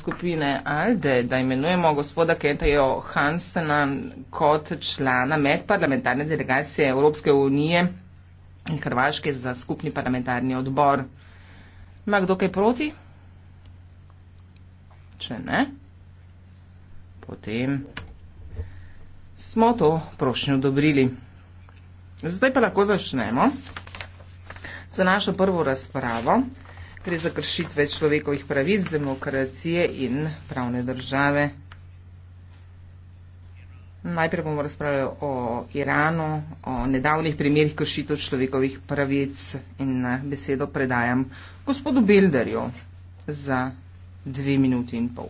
skupine Alde, da imenujemo gospoda Kenta Johansena kot člana medparlamentarne delegacije Evropske unije in Hrvaške za skupni parlamentarni odbor. Ima kdo kaj proti? Če ne, potem smo to prošnjo odobrili. Zdaj pa lahko začnemo. Za našo prvo razpravo gre za kršitve človekovih pravic, demokracije in pravne države. Najprej bomo razpravljali o Iranu, o nedavnih primerih kršitev človekovih pravic in besedo predajam gospodu Bilderju za dve minuti in pol.